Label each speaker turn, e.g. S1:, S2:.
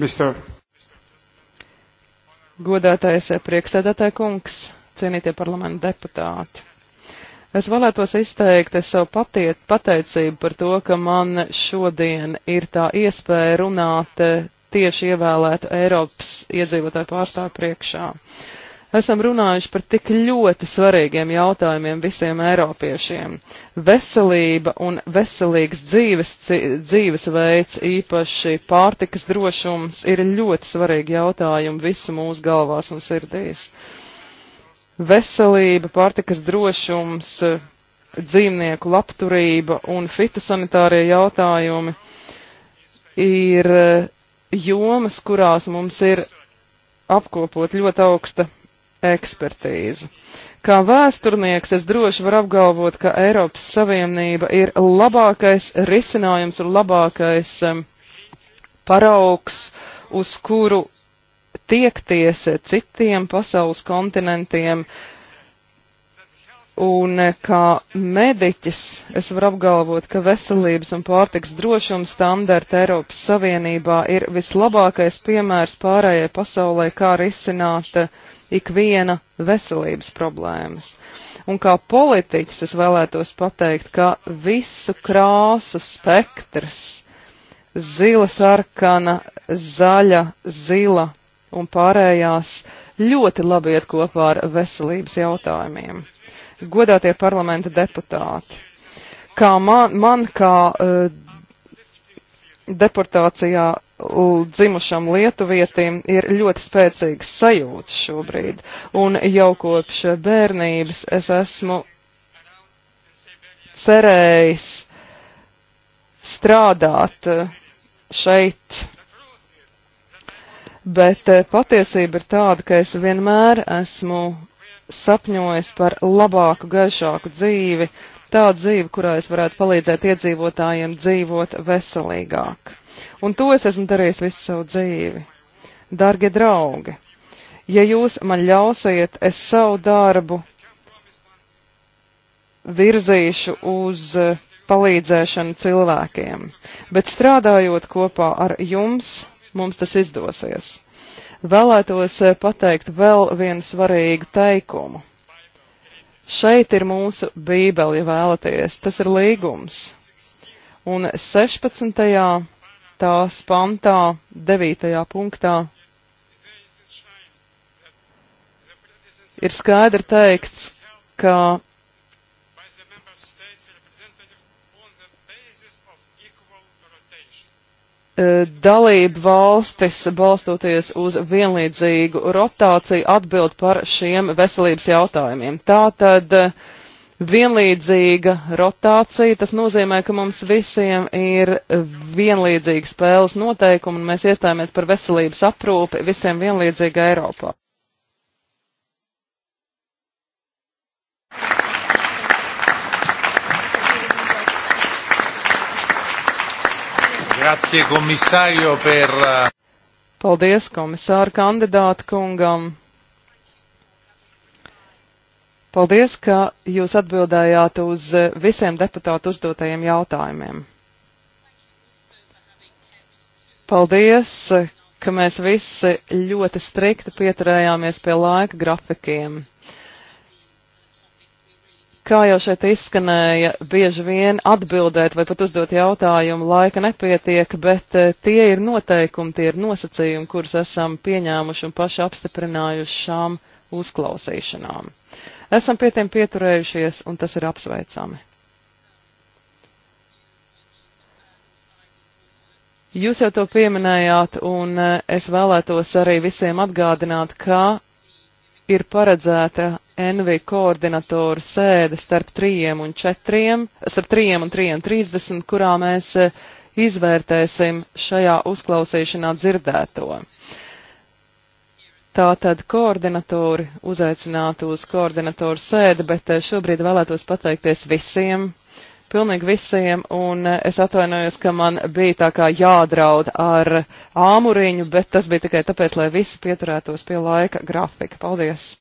S1: Mr. Godātais eh, priekšsēdētāja kungs, cienītie parlamenta deputāti. Es vēlētos izteikt eh, savu patiet, pateicību par to, ka man šodien ir tā iespēja runāt eh, tieši ievēlētu Eiropas iedzīvotāju pārstāvu priekšā. Uh, esam runājuši par tik ļoti svarīgiem jautājumiem visiem eiropiešiem. Veselība un veselīgs dzīves, dzīvesveids, īpaši pārtikas drošums, ir ļoti svarīgi jautājumi visu mūsu galvās un sirdīs. Veselība, pārtikas drošums, dzīvnieku labturība un fitosanitārie jautājumi ir jomas, kurās mums ir apkopot ļoti augsta ekspertīzi. Kā vēsturnieks es droši varu apgalvot, ka Eiropas Savienība ir labākais risinājums un labākais paraugs, uz kuru tiekties citiem pasaules kontinentiem, uh, Un eh, kā mediķis es varu apgalvot, ka veselības un pārtiks drošums standarta Eiropas Savienībā ir vislabākais piemērs pārējai pasaulē, kā risināt eh, ikviena veselības problēmas. Un kā politiķis es vēlētos pateikt, ka visu krāsu spektrs - zila, sarkana, zaļa, zila un pārējās ļoti labi iet kopā ar veselības jautājumiem godātie parlamenta deputāti, kā man, man kā uh, deportācijā dzimušam lietuvietim ir ļoti spēcīgas sajūtas šobrīd, un jau kopš bērnības es esmu cerējis strādāt e, šeit, bet e, patiesība ir tāda, ka es vienmēr esmu sapņojis par labāku, gaišāku dzīvi, tādu dzīvi, kurā es varētu palīdzēt iedzīvotājiem dzīvot veselīgāk. Un to es esmu darījis visu savu dzīvi. Dargie draugi, ja jūs man ļausiet, es savu darbu virzīšu uz eh, palīdzēšanu cilvēkiem, bet strādājot kopā ar jums, mums tas izdosies vēlētos eh, pateikt vēl vienu svarīgu teikumu. Šeit ir mūsu bībeli, ja vēlaties. Tas ir līgums. Un 16. tās pantā, 9. punktā ir skaidri teikts, ka E, dalību valstis, balstoties uz vienlīdzīgu rotāciju, atbild par šiem veselības jautājumiem. Tātad e, vienlīdzīga rotācija, tas nozīmē, ka mums visiem ir vienlīdzīgi spēles noteikumi un mēs iestājāmies par veselības aprūpi visiem vienlīdzīga Eiropā. Grazie, komisārio, per. Eh, Paldies, komisāra kandidāta kungam. Paldies, ka jūs atbildējāt uz eh, visiem deputātu uzdotajiem jautājumiem. Paldies, ka mēs visi ļoti strikti pieturējāmies pie laika grafikiem. Kā jau šeit izskanēja, bieži vien atbildēt vai pat uzdot jautājumu laika nepietiek, bet eh, tie ir noteikumi, tie ir nosacījumi, kurus esam pieņēmuši un paši apstiprinājuši šām uzklausīšanām. Esam pie tiem pieturējušies, un tas ir apsveicami. Jūs jau to pieminējāt, un eh, es vēlētos arī visiem atgādināt, ka ir paredzēta NV koordinatoru sēde starp 3 un 4, starp 3 un 3.30, kurā mēs eh, izvērtēsim šajā uzklausīšanā dzirdēto. Tātad koordinatori uzaicinātu uz koordinatoru sēdi, bet eh, šobrīd vēlētos pateikties visiem, pilnīgi visiem, un eh, es atvainojos, ka man bija tā kā jādraud ar āmuriņu, bet tas bija tikai tāpēc, lai visi pieturētos pie laika grafika. Paldies!